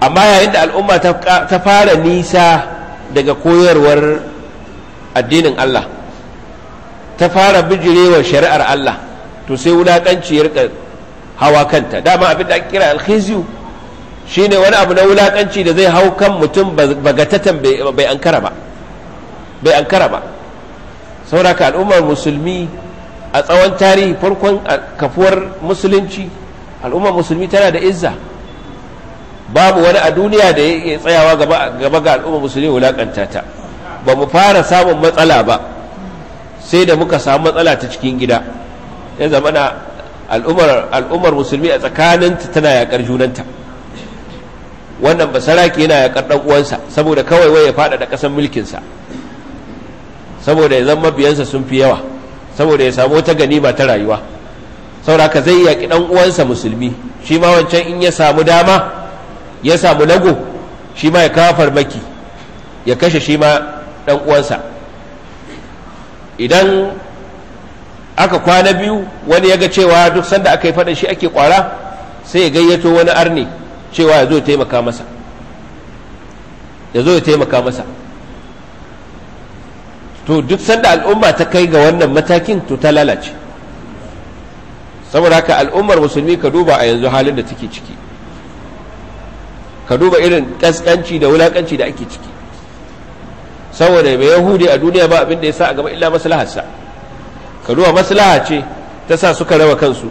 A: amma yayin da al'umma ta fara nisa daga koyarwar addinin Allah ta fara bijirewar shari'ar Allah to sai wulaƙanci ya hawa kanta dama abin da ake kira alkhiziyu shine wani abu na wulakanci da zai hau kan mutum bagatatan bai ankara ba bai ankara ba sauraka al'ummar musulmi a tsawon tarihi farkon kafuwar musulunci al'ummar musulmi tana da izza babu wani a duniya da ya tsayawa gaba ga al'ummar musulmi wulakanta ta ba mu fara samun matsala ba sai da muka samu matsala ta cikin gida ya zama al'ummar musulmi a tsakaninta tana yakar junanta wannan ba basaraki yana ya dan uwansa saboda kawai wai ya fada da kasan sa saboda ya zama biyansa sun fi yawa saboda ya samu wata ganima ta rayuwa saboda ka zai yaki dan uwansa musulmi shi ma wancan in ya samu dama ya samu lago shi ma ya kawo farmaki ya kashe shi ma dan uwansa idan aka kwana biyu wani ya ga cewa duk sanda aka yi faɗin shi ake kwara sai ya gayyato wani arni cewa ya zo ya taimaka masa ya zo ya taimaka masa to duk sanda al'umma ta kai ga wannan matakin to ta lalace saboda haka al'ummar musulmi ka duba a yanzu halin da take ciki ka duba irin kaskanci da wulaƙanci da ake ciki saboda mai yahudi a duniya ba abin da ya sa a gaba illa sa ka duba maslaha ce ta sa suka raba kansu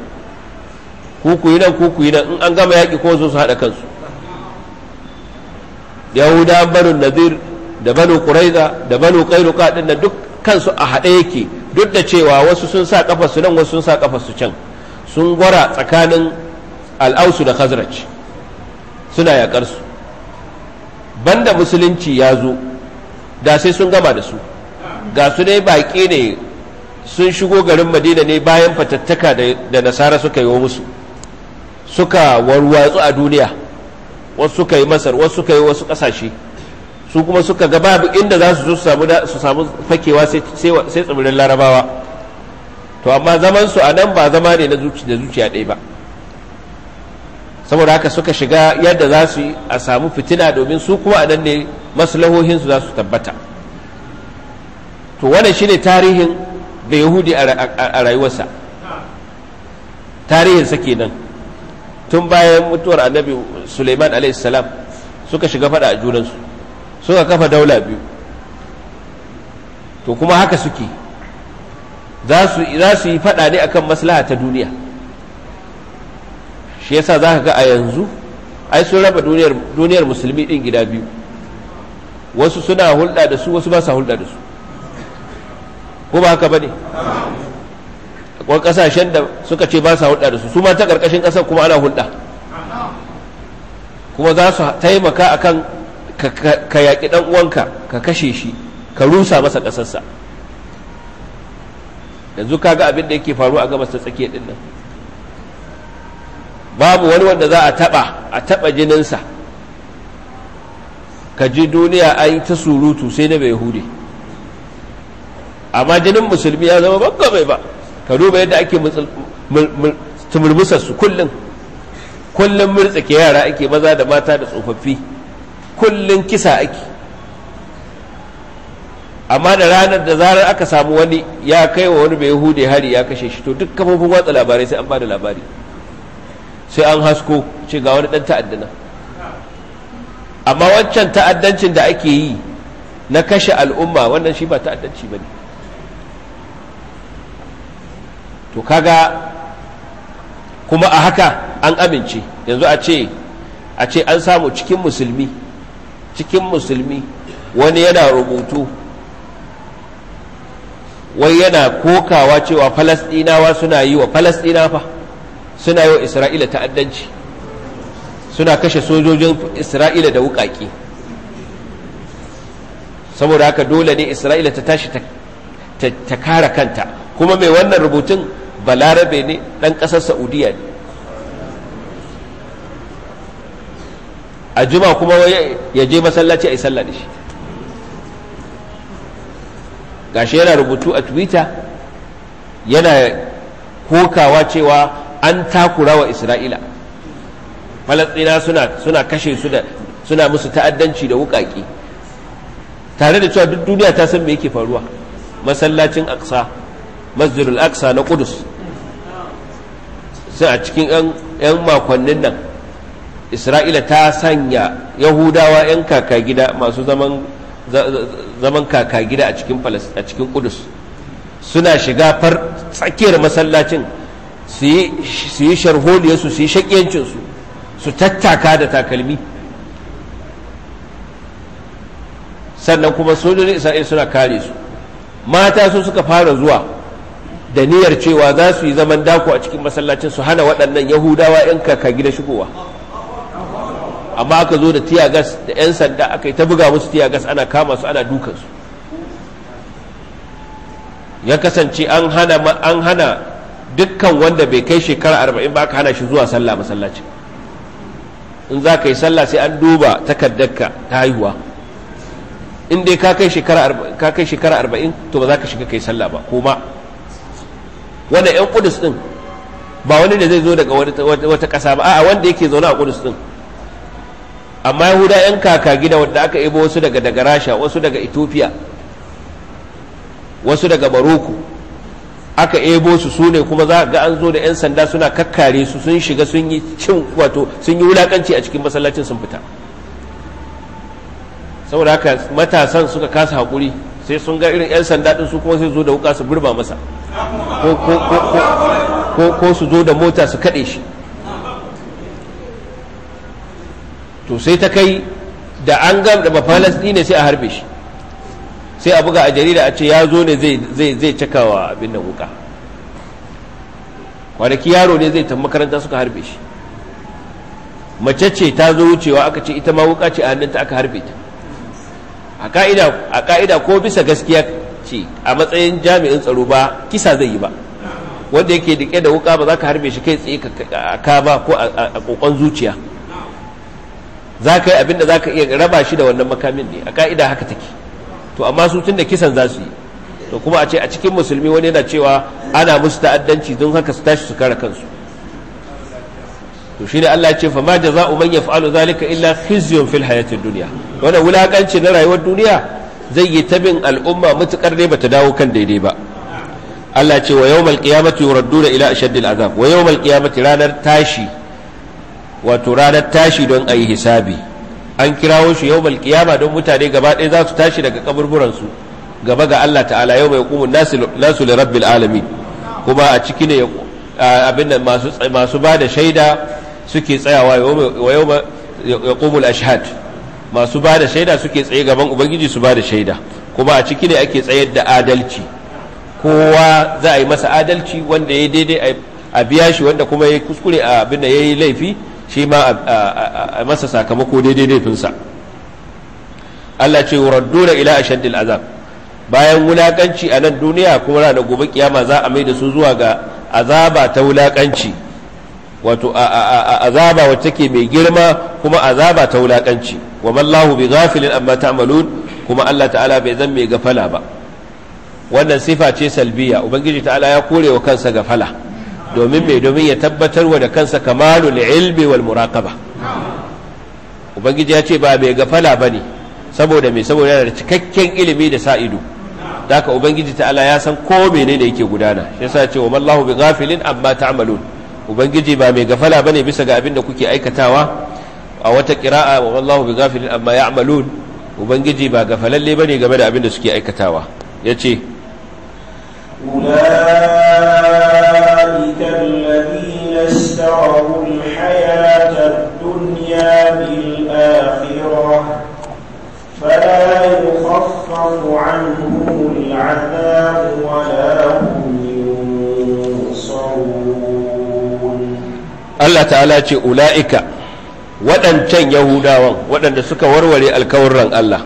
A: ku ku yi nan ku ku yi nan in an gama yaƙi ko zo su haɗa kansu yahuda banu nadir da banu quraiza da banu qainuqa din duk kansu a haɗe yake duk da cewa wasu sun sa kafa su nan wasu sun sa kafa su can sun gwara tsakanin al'ausu da khazraj suna yakar su banda musulunci ya zo da sai sun gama da su ga su dai baƙi ne sun shigo garin madina ne bayan fatattaka da nasara suka yi wa musu suka warwatsu a duniya wasu suka yi masar wasu suka yi wasu kasashe su kuma suka ga babu inda za su su samu fakewa sai tsibirin larabawa to amma zaman su a nan ba zama ne na zuciya ɗaya ba saboda haka suka shiga yadda za su a samu fitina domin su kuma a nan ne maslahohinsu za su tabbata to wannan shine tarihin da yahudi a rayuwarsa tarihinsa kenan tun bayan mutuwar annabi suleiman alaihissalam suka shiga fada a junansu suka kafa daula biyu to kuma haka suke za su yi fada ne akan maslaha ta duniya shi yasa za ka ga a yanzu ai sun raba duniyar musulmi din gida biyu wasu suna hulɗa da su wasu ba sa hulɗa da su ko ba haka ba ne akwai kasashen da suka ce ba sa hulɗa da su su ma ta ƙarƙashin ƙasar kuma ana hulɗa kuma za su taimaka kan ka yaƙi ɗan uwanka ka kashe shi ka rusa masa ƙasarsa yanzu ka ga abin da yake faru a gabas ta tsakiya ɗin nan babu wani wanda za a taɓa a taɓa jininsa ka ji duniya an yi ta surutu sai na bai hude amma jinin musulmi ya zama bangamai ba ka duba yadda ake tumurmusar su kullum kullum murtsake yara ake maza da mata da tsofaffi kullum kisa ake amma da ranar da zarar aka samu wani ya kai wa wani bai hude hari ya kashe shi to duk kafofin watsa labarai sai an ba da labari sai an hasko ce ga wani dan ta'addana amma wancan ta'addancin da ake yi na kashe al'umma wannan shi ba ta'addanci ba ne to kaga kuma a haka an amince yanzu a ce a ce an samu cikin musulmi cikin musulmi wani yana rubutu wai yana kokawa cewa falasɗinawa suna yi wa falasɗina fa suna yi wa isra'ila ta'addanci suna kashe sojojin isra'ila da wukaki saboda haka dole ne isra'ila ta tashi ta kare kanta kuma mai wannan rubutun balarabe ne ɗan ƙasar saudiya ne a juma kuma ya je masallaci a yi sallah da shi gashi yana rubutu a twitter yana kokawa cewa an takura wa isra'ila falastina suna, suna kashe su da suna musu ta'addanci da wukaki tare da cewa duk duniya ta san me yake faruwa masallacin aksa masjidul aksa na kudus sai a cikin 'yan makonnin nan isra'ila ta sanya yahudawa 'yan kaka gida masu zaman kaka gida a cikin kudus suna shiga far tsakiyar masallacin su yi sharholiyarsu su yi shakiyancinsu su tattaka da takalmi sannan kuma sojojin isra'ila suna kare su mata su suka fara zuwa da niyyar cewa za su yi zaman dako a cikin masallacin su hana waɗannan yahudawa 'yan kaka gida shigowa amma aka zo da tiyagas da 'yan sanda aka yi ta buga musu tiyagas ana kama su ana dukansu ya kasance an hana an hana dukkan wanda bai kai shekara arba'in ba aka hana shi zuwa sallah masallacin in za ka yi sallah sai an duba takardarka ta haihuwa in dai ka kai shekara arba'in to ba za ka shiga kai sallah ba ko ma wanda yan kudus din ba wani da zai zo daga wata ƙasa ba a'a wanda yake zaune a kudus din amma yahuda yan kaka gida wanda aka ibo wasu daga daga rasha wasu daga ethiopia wasu daga morocco aka ebo su su ne kuma za ga an zo da 'yan sanda suna kakkare su sun shiga sun yi cin wato sun yi wulakanci a cikin masallacin sun fita saboda haka matasan suka kasa haƙuri sai sun ga irin 'yan sanda ɗin su kuma sai zo da wuka su burba masa ko su zo da mota su kaɗe shi to sai ta kai da an gam da bafalasti ne sai a harbe shi sai a buga a jarida a ce ya zo ne zai cakawa abin da wuka kwanaki yaro ne zai tafi makaranta suka harbe shi mace ce ta zo wucewa aka ce ita ma wuka ce a hannunta aka harbe ta a ka'ida ko bisa gaskiya ce a matsayin jami'in tsaro ba kisa zai yi ba wanda yake dike da wuka ba za ka harbe shi kai tsaye ka ba ko a kokon zuciya za ka yi abin da za ka iya raba shi da wannan makamin ne a ka'ida haka take to amma su tun da kisan za su yi to kuma a ce a cikin musulmi wani yana cewa ana musu ta'addanci don haka su tashi su kare kansu to shi ne Allah ya ce fa ma jaza'u man yaf'alu zalika illa khizyun fil hayatid dunya wannan wulakanci na rayuwar duniya zai yi tabin al'umma mutukar ne bata dawo kan daidai ba Allah ce wa yawmal qiyamati yuradduna ila ashaddil azab wa yawmal qiyamati ranar tashi wato ranar tashi don ayi hisabi an kirawo shi yawmal qiyama don mutane gaba ɗaya za su tashi daga kaburburan su gaba ga Allah ta'ala yawma yaqumu nasu li rabbil alamin kuma a ciki ne abin da masu masu bada shaida suke tsayawa wa yawma yaqumul ashhad masu ba da shaida suke tsaye gaban ubangiji su ba da shaida kuma a ciki ne ake tsayar da adalci kowa za a yi masa adalci wanda ya daidai a biya shi wanda kuma ya kuskure a abin da ya yi laifi shi ma a masa sakamako daidai laifinsa Allah ce da ila shaddil azab bayan wulakanci a nan duniya kuma ranar gobe kiyama za a mai da su zuwa ga azaba ta wulakanci wato azaba wacce take mai girma kuma azaba ta wulakanci wa mallahu bi ghafilin amma ta'malun kuma Allah ta'ala bai zan mai gafala ba wannan sifa ce salbiya ubangiji ta'ala ya kore wa kansa gafala domin mai domin ya tabbatar wa da kansa kamalul ilmi wal muraqaba ubangiji ya ce ba mai gafala bane saboda mai saboda yana da cikakken ilimi da sa ido haka ubangiji ta'ala ya san ko menene yake gudana shi yasa ce wa mallahu bi ghafilin amma ta'malun ubangiji ba mai gafala bane bisa ga abin da kuke aikatawa a wata qira'a wa wallahu ghafilin amma ya'malun ubangiji ba gafalalle bane game da abin da suke aikatawa yace
B: أولئك الذين اشتروا الحياة الدنيا بالآخرة فلا يخفف عنهم العذاب
A: Allah ta'ala ce ula'ika waɗancan yahudawan waɗanda suka warware alkawarran Allah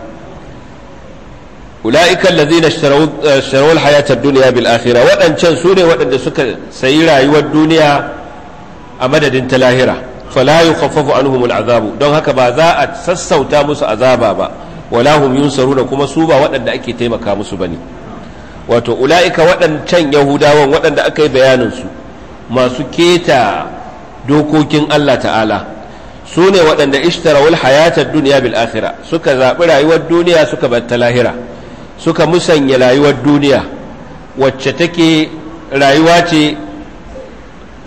A: ula'ika lazina ishtaraw eh, hayatar duniya dunya bil akhirah waɗancan su ne waɗanda suka sayi rayuwar duniya a madadin ta lahira fala yukhaffafu anhum azabu don haka ba za a sassauta musu azaba ba wala hum yunsaruna kuma su ba waɗanda ake taimaka musu ne wato ula'ika waɗancan yahudawan waɗanda aka yi bayanin su masu keta dokokin Allah ta'ala su ne waɗanda ishtarawul hayata duniya bil akhira suka zaɓi rayuwar duniya suka batta lahira suka musanya rayuwar duniya wacce take rayuwa ce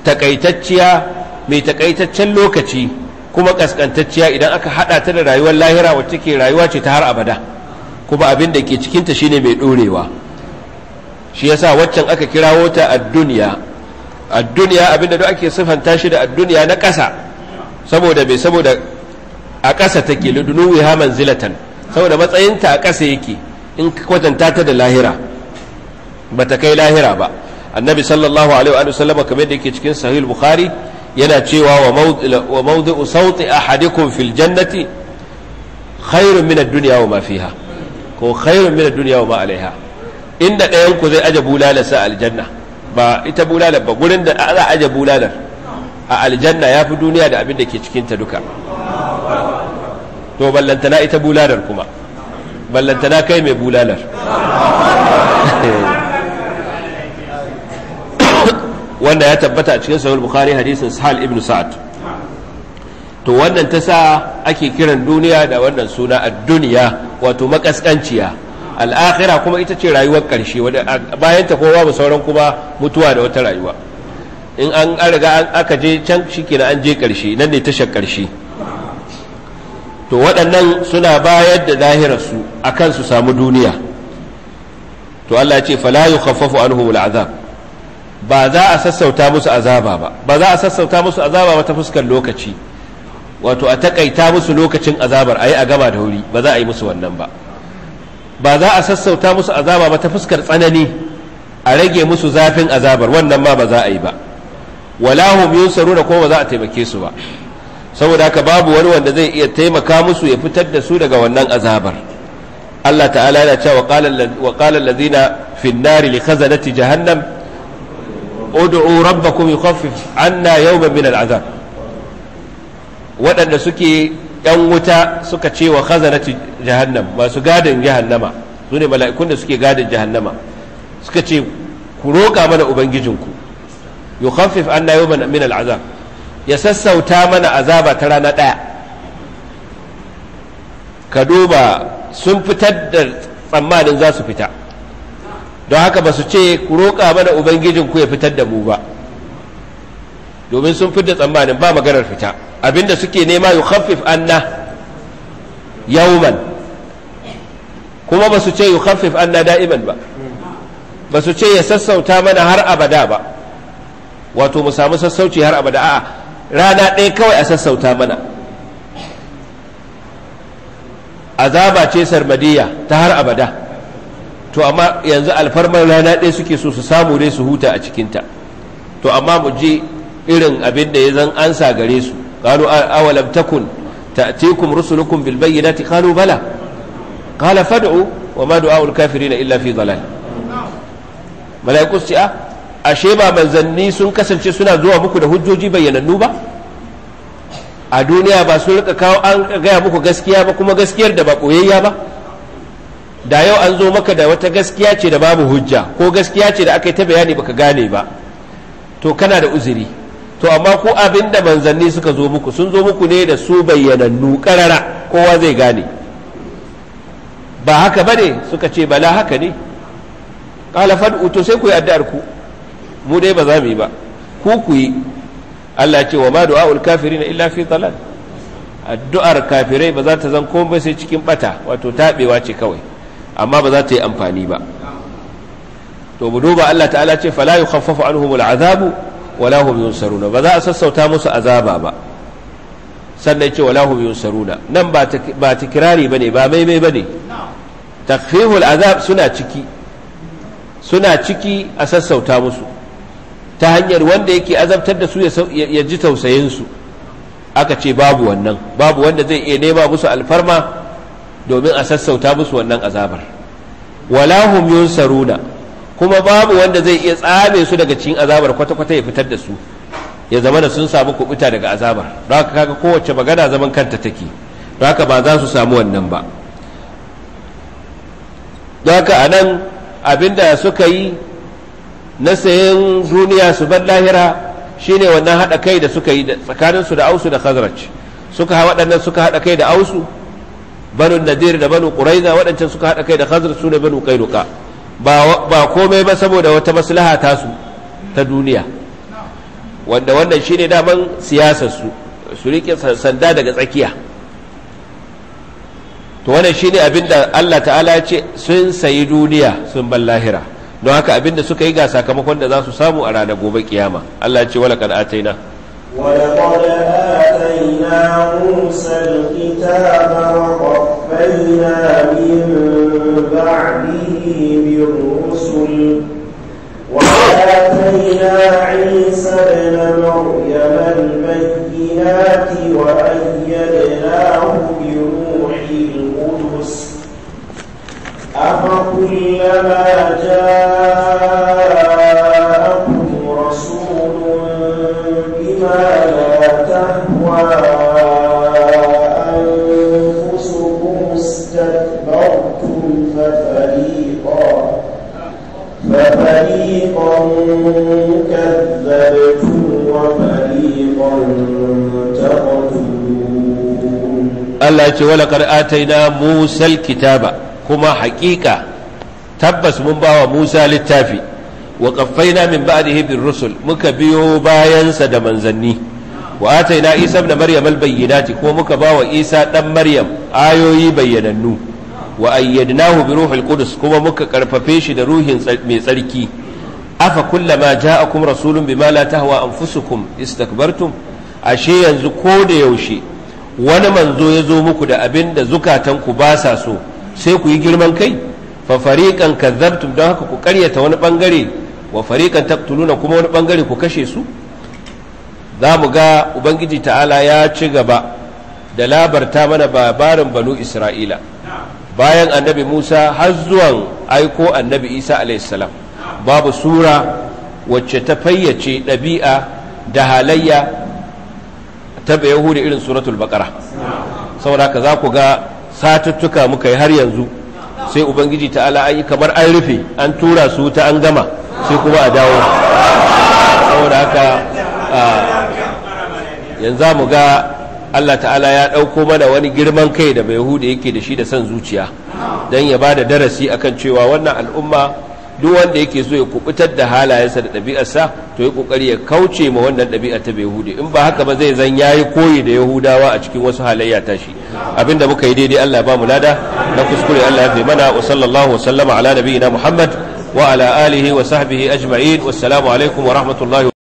A: takaitacciya mai takaitaccen lokaci kuma kaskantacciya idan aka hada ta da rayuwar lahira wacce ke rayuwa ce ta har abada kuma abin da ke cikinta shine mai ɗorewa. shi yasa waccan aka kirawo ta ad-dunya ad-dunya abinda duk ake sifanta shi da ad-dunya na ƙasa saboda me saboda a kasa take lidunuwi ha manzilatan saboda matsayinta a kasa yake in kwatanta ta da lahira bata kai lahira ba annabi sallallahu alaihi wa sallama kamar da cikin sahih bukhari yana cewa wa mawdi'u sawti ahadikum fil jannati khairun min ad-dunya wa ma fiha ko khairun min alaiha inda ɗayan ku zai aje bulalarsa aljanna ba ita bulalar ba gurin da za a aje bulalar a aljanna ya fi duniya da abin da ke cikinta duka to ballantana ita bulalar kuma ballantana kai mai bulalar wanda ya tabbata a cikin sahih bukhari hadisin sahal ibn sa'ad to wannan ta sa ake kiran duniya da wannan suna ad-dunya wato makaskanciya al'akhira kuma ita ce rayuwar ƙarshe bayan ta kowa ba sauran kuma mutuwa da wata rayuwa in an riga aka je can shikenan an je ƙarshe nan ne tashar ƙarshe to waɗannan suna bayar da zahirarsu a kan su samu duniya to Allah ce fala yukhaffafu anhum al'azab ba za a sassauta musu azaba ba ba za a sassauta musu azaba ba ta fuskar lokaci wato a takaita musu lokacin azabar yi a gama da wuri ba za a yi musu wannan ba ba za a sassauta musu azaba ba ta fuskar tsanani a rage musu zafin azabar wannan ma ba za a yi ba wala hum yunsaruna ko ba za a taimake su ba saboda haka babu wani wanda zai iya taimaka musu ya fitar da su daga wannan azabar Allah ta'ala yana cewa wa qala allazina fi an-nari li khazanati jahannam ud'u rabbakum yukhaffif 'anna yawman min al-'adab waɗanda suke ‘yan wuta suka ce wa khazanati jahannam masu gadin jahannama su ne mala'ikun da suke gadin jahannama suka ce ku roƙa mana ubangijinku yukhaffif anna yawman min al'azab ya sassauta mana azaba ta rana ɗaya ka duba sun fitar da tsammanin za su fita don haka ba su ce ku roƙa mana ubangijinku ya fitar da mu ba domin sun fitar da tsammanin ba maganar fita abinda suke nema yukhaffif anna yawman kuma ba su ce an na da'iman ba ba su ce ya sassauta mana har abada ba wato mu samu sassauci har abada a'a rana ɗaya kawai a sassauta mana azaba ce sarmadiya ta har abada to amma yanzu alfarmar rana ɗaya suke so su samu dai su huta a cikinta to amma mu je irin abin da ya zan ansa gare su gano awalam takun. ta'tikum rusulukum bil bayyinati qalu bala qala fad'u wa ma du'a al kafirin illa fi dalal malaiku ashe ba manzanni sun kasance suna zuwa muku da hujjoji bayyanannu ba a duniya ba sun rika kawo an gaya muku gaskiya ba kuma gaskiyar da ba koyayya ba da yau an zo maka da wata gaskiya ce da babu hujja ko gaskiya ce da aka yi ta bayani ba ka gane ba to kana da uziri. to amma ku abin da manzanni suka zo muku sun zo muku ne da su bayyanannu karara kowa zai gane ba haka bane suka ce bala haka ne kala fad'u to sai ku yi addu'ar ku mu dai ba za mu yi ba ku ku yi Allah ce wa ma du'aul kafirin illa fi dalal addu'ar kafirai ba za ta zan komai sai cikin bata wato tabewa ce kawai amma ba za ta yi amfani ba to mu duba Allah ta'ala ce fala yukhaffafu anhumul azabu wala hum yunsaruna ba za a sassauta musu azaba ba sannan ce wala yunsaruna nan ba ta kirari ba ne ba maimai ba ne takfihul azab suna ciki suna ciki a sassauta musu ta hanyar wanda yake azabtar da su ya ji tausayin su aka ce babu wannan babu wanda zai iya nema musu alfarma domin a sassauta musu wannan azabar wala hum yunsaruna kuma babu wanda zai iya tsame su daga cikin azabar kwata-kwata ya fitar da su ya zama da sun samu kubuta daga azabar don haka kaga kowace magana zaman kanta take don haka ba za su samu wannan ba don haka a nan abinda suka yi na sayan duniya su bar lahira shine wannan haɗa kai da suka yi tsakaninsu da ausu da khazraj suka waɗannan suka haɗa kai da ausu banu nadir da banu quraiza waɗancan suka haɗa kai da khazraj su ne banu qainuqa ba komai ba saboda wata maslaha tasu ta duniya wanda wannan shine daman siyasar su su rike sanda daga tsakiya to wannan shine abinda Allah ta'ala ya ce sun sayi duniya sun ban lahira don haka abinda suka yi ga sakamakon da za su samu a ranar gobe kiyama Allah ya ce wala kad ataina ولقد آتينا
B: موسى الكتاب وقفنا أرسلنا من بعده من رسل وآتينا عيسى ابن مريم البينات وأيدناه بروح القدس أفكلما جاء
A: Allah ya ce wala qad ataina musal kitaba kuma haƙiƙa tabbas mun bawa Musa littafi wa qaffaina min ba'dihi bir rusul muka biyo bayansa da manzanni wa ataina Isa ibn Maryam al bayyinati kuma muka bawa Isa dan Maryam ayoyi bayyanannu wa ayyadnahu bi ruhil qudus kuma muka karfafe shi da ruhin mai tsarki afa kullama ja'akum rasulun bima la tahwa anfusukum istakbartum ashe yanzu ko da yaushe wani manzo ya zo muku da abin da zukatanku ba sa so sai ku yi girman kai fa fariqan kazzabtum don haka ku karyata wani bangare wa fariƙan taktuluna kuma wani ɓangare ku kashe su za mu ga ubangiji ta'ala ya ci gaba da labarta mana babarin banu isra'ila bayan annabi musa har zuwan aiko annabi isa alaihissalam babu sura wacce ta fayyace ɗabi'a da halayya ta yahudi irin suratul baqara saboda ka za ku ga satuttuka muka yi har yanzu sai ubangiji ta'ala ayi kamar an rufe an tura su ta an gama sai kuma a dawo saboda haka yanzu mu ga Allah ta'ala ya dauko mana wani girman kai da bai yake da shi da son zuciya don ya ba da darasi akan cewa wannan al'umma duk wanda yake so ya kubutar da halayensa da ɗabi'arsa to ya kokari ya kauce ma wannan ɗabi'a ta yahudi in ba haka ba zai zan yayi koyi da yahudawa a cikin wasu halayya tashi abinda muka yi daidai Allah ba mu lada na kuskure Allah ya fi mana wa sallallahu wa sallama ala nabiyina Muhammad wa ala alihi wa sahbihi ajma'in wassalamu alaikum wa rahmatullahi